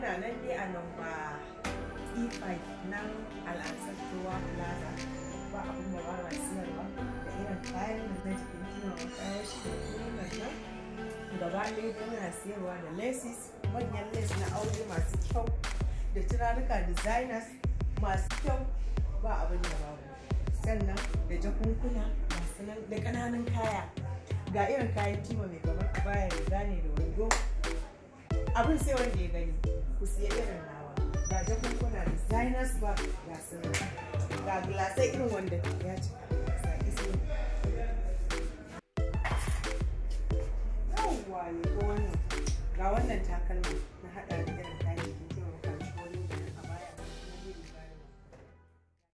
muna nan dai a nan ba e5 nan al'asar tuwa plaza ba abin da ba na siyarwa da irin kayan da na jikin kima wa kayan shi da kuma nan gaba ɗaya na siyarwa da laces manyan lace na aure masu kyau da turaruka designers masu kyau ba abin da babu sannan da jakunkuna masu nan da ƙananan kaya ga irin kayan kima mai kamar baya da ne da wando abin sai wanda ya gani ku siya irin nawa ga jakunkuna designers bag ga sun ga glasai irin wanda ya ci ga isi yawwa ne ko wannan ga wannan takalma na haɗa